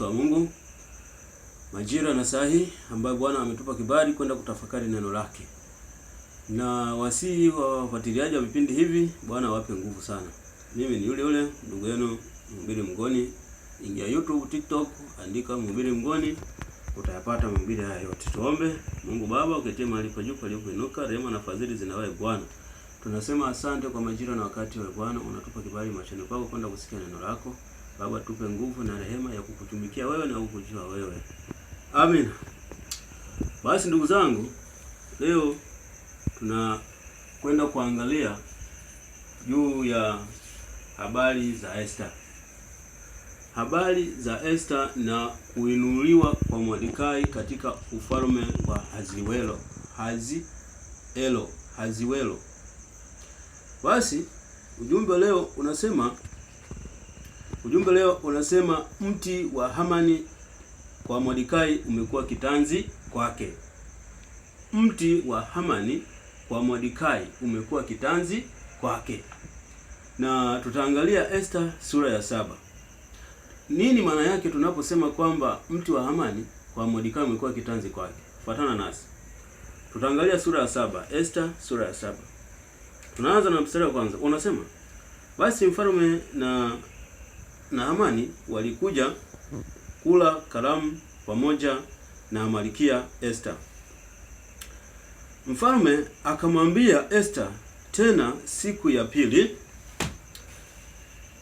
watu wa Mungu, majira na sahi ambayo Bwana ametupa kibali kwenda kutafakari neno lake, na wasii wa wafuatiliaji wa vipindi hivi, Bwana awape nguvu sana. Mimi ni yule yule ndugu yenu Mhubiri Mngoni. Ingia YouTube, TikTok, andika Mhubiri Mngoni, utayapata mahubiri haya yote. Tuombe. Mungu Baba, uketie mahali pa juu palipoinuka, rehema na fadhili zinawae Bwana. Tunasema asante kwa majira na wakati wa Bwana, unatupa kibali machoni pako kwenda kusikia neno lako. Baba, tupe nguvu na rehema ya kukutumikia wewe na kukujua wewe. Amen. Basi ndugu zangu, leo tunakwenda kuangalia juu ya habari za Esther, habari za Esther na kuinuliwa kwa Mordekai katika ufalme wa Haziwelo elo, Haziwelo. Basi ujumbe leo unasema Ujumbe leo unasema mti wa Hamani kwa Mordekai umekuwa kitanzi kwake. Mti wa Hamani kwa Mordekai umekuwa kitanzi kwake, na tutaangalia Esta sura ya saba. Nini maana yake tunaposema kwamba mti wa Hamani kwa Mordekai umekuwa kitanzi kwake? Fuatana nasi, tutaangalia sura ya saba, Esta sura ya saba. Tunaanza na mstari wa kwanza, unasema basi mfalme na na Amani walikuja kula karamu pamoja na Malkia Esther. Mfalme akamwambia Esther tena siku ya pili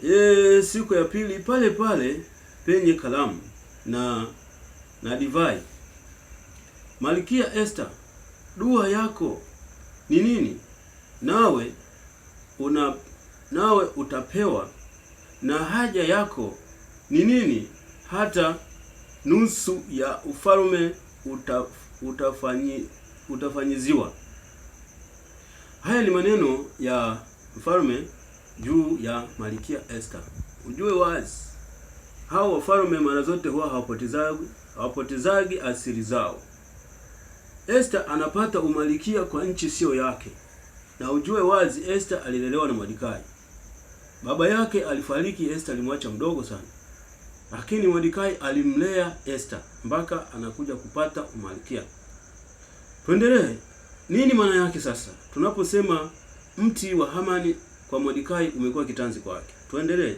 e, siku ya pili pale pale penye kalamu na na divai. Malkia Esther, dua yako ni nini? Nawe una nawe utapewa na haja yako ni nini, hata nusu ya ufalme utafanyi, utafanyiziwa. Haya ni maneno ya mfalme juu ya Malkia Esther. Ujue wazi hao wafalme mara zote huwa hawapotezagi hawapotezagi asili zao. Esther anapata umalikia kwa nchi sio yake, na ujue wazi Esther alilelewa na Mordekai. Baba yake alifariki, Esther alimwacha mdogo sana, lakini Mordekai alimlea Esther mpaka anakuja kupata umalkia. Tuendelee. Nini maana yake sasa tunaposema mti wa Hamani kwa Mordekai umekuwa kitanzi kwake? Tuendelee.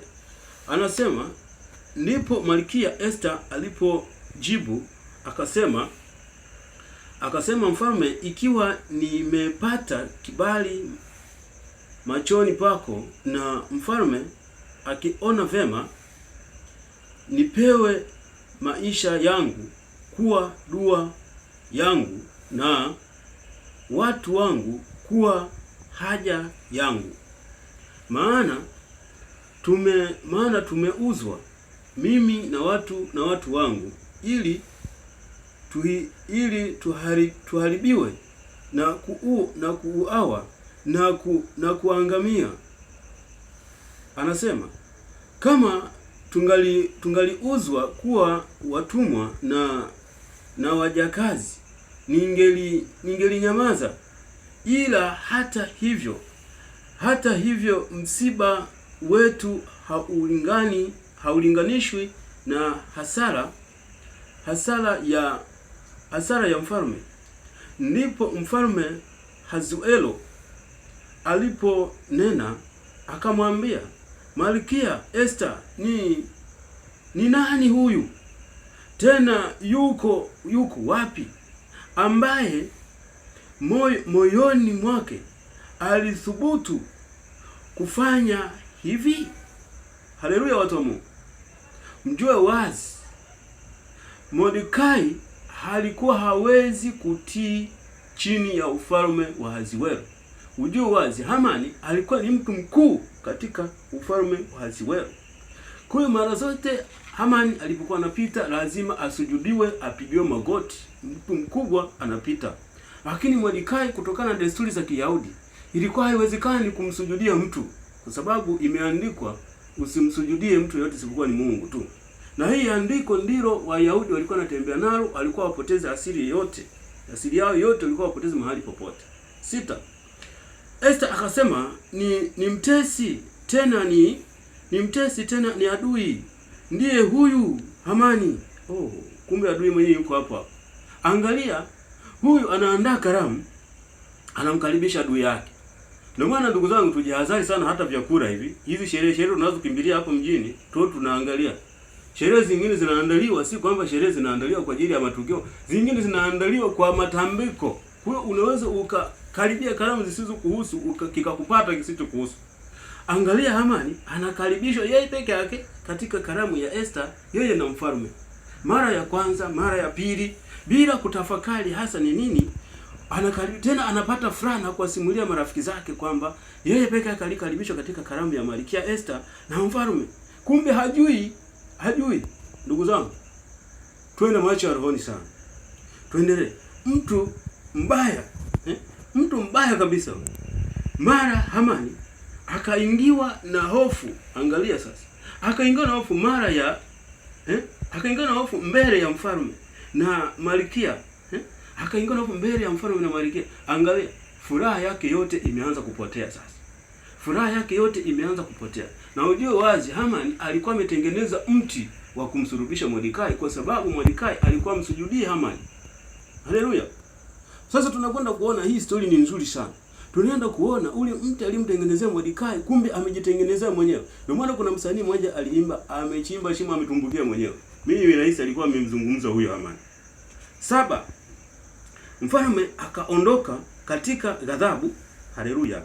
Anasema ndipo Malkia Esther alipojibu akasema akasema, mfalme, ikiwa nimepata kibali machoni pako, na mfalme akiona vema nipewe maisha yangu kuwa dua yangu na watu wangu kuwa haja yangu, maana tume maana tumeuzwa mimi na watu na watu wangu, ili tuhi, ili tuhari, tuharibiwe na kuu na kuuawa na, ku, na kuangamia. Anasema kama tungali tungaliuzwa kuwa watumwa na na wajakazi ningeli ningelinyamaza, ila hata hivyo, hata hivyo msiba wetu haulingani haulinganishwi na hasara hasara ya hasara ya mfalme. Ndipo mfalme Hazuelo aliponena akamwambia Malkia Esther, ni ni nani huyu tena yuko yuko wapi ambaye moy, moyoni mwake alithubutu kufanya hivi? Haleluya, watu wa Mungu, mjue wazi Mordekai alikuwa hawezi kutii chini ya ufalme wa Ahasuero. Ujue wazi Hamani alikuwa ni mtu mkuu katika ufalme wa Ahasuero. Kwa hiyo mara zote Hamani alipokuwa anapita lazima asujudiwe, apigiwe magoti, mtu mkubwa anapita. Lakini Mordekai, kutokana na desturi za Kiyahudi, ilikuwa haiwezekani kumsujudia mtu, kwa sababu imeandikwa usimsujudie mtu yote isipokuwa ni Mungu tu. Na hii andiko ndilo Wayahudi walikuwa wanatembea nalo, walikuwa wapoteze asili yote, asili yao yote walikuwa wapoteze mahali popote. Sita, Esther akasema ni, ni mtesi tena ni ni mtesi tena ni adui ndiye huyu Hamani. Oh, kumbe adui mwenyewe yuko hapa. Angalia, huyu anaandaa karamu, anamkaribisha adui yake. Ndio maana ndugu zangu, tujihadhari sana, hata vyakula hivi, hizi sherehe sherehe tunazokimbilia hapo mjini tu, tunaangalia sherehe zingine zinaandaliwa, si kwamba sherehe zinaandaliwa kwa ajili ya matukio, zingine zinaandaliwa kwa matambiko. Kwa hiyo unaweza uka karibia kalamu kuhusu, kikakupata kisicho kuhusu. Angalia Hamani anakaribishwa yeye peke yake katika karamu ya Esther, yeye na mfalme, mara ya kwanza, mara ya pili, bila kutafakari hasa ni nini anakaribu tena, anapata furaha na kuwasimulia marafiki zake kwamba yeye peke yake alikaribishwa katika karamu ya Malkia Esther na mfalme, kumbe hajui, hajui. Ndugu zangu, tuwe na macho ya rohoni sana, tuendelee. Mtu mbaya eh? mbaya kabisa. Mara Hamani akaingiwa na hofu, angalia sasa, akaingiwa na hofu mara ya eh, akaingiwa na hofu mbele ya mfalme na malikia eh, akaingiwa na hofu mbele ya mfalme na malikia Angalia, furaha yake yote imeanza kupotea sasa, furaha yake yote imeanza kupotea. Na ujue wazi Hamani alikuwa ametengeneza mti wa kumsurubisha Mordekai kwa sababu Mordekai alikuwa amsujudie Hamani. Haleluya! Sasa tunakwenda kuona hii story ni nzuri sana. Tunaenda kuona ule mtu alimtengenezea Mordekai, kumbe amejitengenezea mwenyewe. Ndio maana kuna msanii mmoja aliimba amechimba shimo ametumbukia mwenyewe. Mimi rais alikuwa amemzungumza huyo Hamani. Saba, mfalme akaondoka katika ghadhabu, haleluya.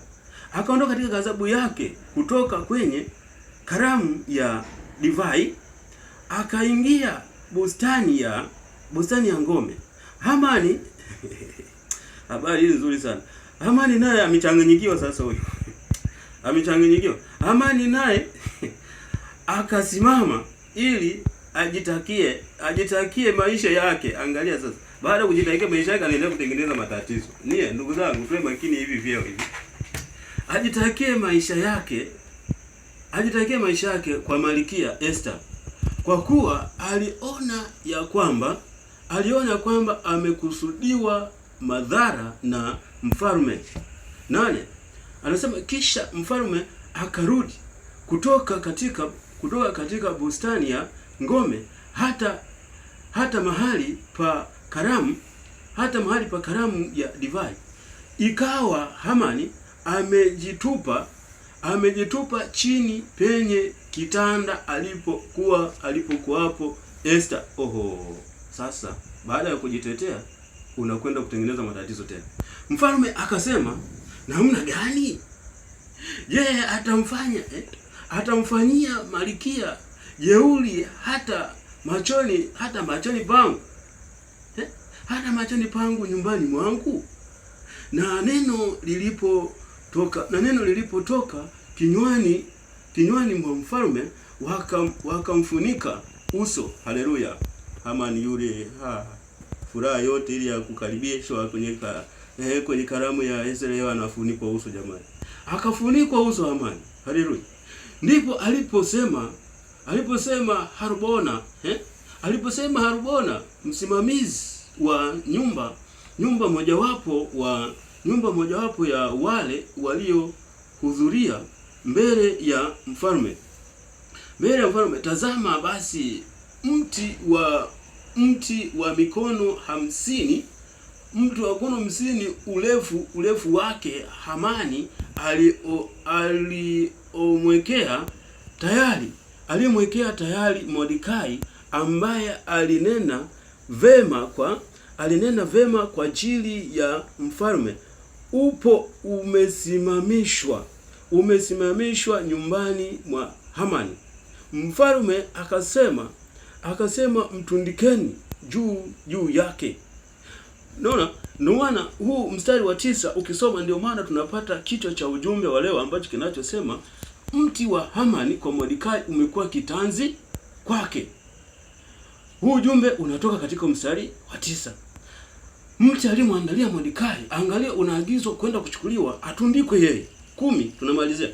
Akaondoka katika ghadhabu yake kutoka kwenye karamu ya divai akaingia bustani ya bustani ya ngome Hamani habari hii nzuri sana. Amani naye amechanganyikiwa sasa huyu. amechanganyikiwa. Amani naye akasimama ili ajitakie ajitakie maisha yake. Angalia sasa. Baada kujitakia maisha yake anaendelea kutengeneza matatizo. Nie ndugu zangu tuwe makini hivi vyeo hivi. Ajitakie maisha yake. Ajitakie maisha yake kwa malikia Esther. Kwa kuwa aliona ya kwamba aliona kwamba amekusudiwa madhara na mfalme. Nane, anasema kisha mfalme akarudi kutoka katika kutoka katika bustani ya ngome hata hata mahali pa karamu hata mahali pa karamu ya divai. Ikawa Hamani amejitupa amejitupa chini penye kitanda alipokuwa alipokuwapo Esther. Oho, sasa baada ya kujitetea unakwenda kutengeneza matatizo tena. Mfalme akasema namna gani? Je, atamfanya eh? atamfanyia malikia jeuri hata machoni hata machoni pangu eh? hata machoni pangu nyumbani mwangu. Na neno lilipotoka na neno lilipotoka kinywani kinywani mwa mfalme wakamfunika waka uso. Haleluya! Hamani yule ha furaha yote ili ya kukaribishwa kwenye ka, eh, kwenye karamu ya Ezra yeye anafunikwa uso jamani. Akafunikwa uso amani. Haleluya. Ndipo aliposema aliposema Harubona, eh? Aliposema Harubona msimamizi wa nyumba nyumba mojawapo wa nyumba mojawapo ya wale waliohudhuria mbele ya mfalme mbele ya mfalme, tazama basi mti wa mti wa mikono hamsini mtu wa mikono hamsini urefu urefu wake Hamani aliomwekea tayari aliyemwekea tayari Mordekai ambaye alinena vema kwa alinena vema kwa ajili ya mfalme. Upo umesimamishwa umesimamishwa nyumbani mwa Hamani. Mfalme akasema akasema mtundikeni juu juu yake. Naona naona huu mstari wa tisa ukisoma, ndio maana tunapata kichwa cha ujumbe wa leo ambacho kinachosema mti wa Hamani kwa Mordekai umekuwa kitanzi kwake. Huu ujumbe unatoka katika mstari wa tisa. Mti alimwandalia Mordekai, angalia, unaagizwa kwenda kuchukuliwa, atundikwe yeye. Kumi tunamalizia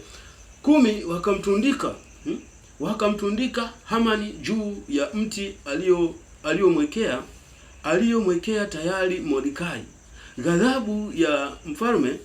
kumi, wakamtundika hmm? wakamtundika Hamani juu ya mti alio aliyomwekea aliyomwekea tayari Mordekai. Ghadhabu ya mfalme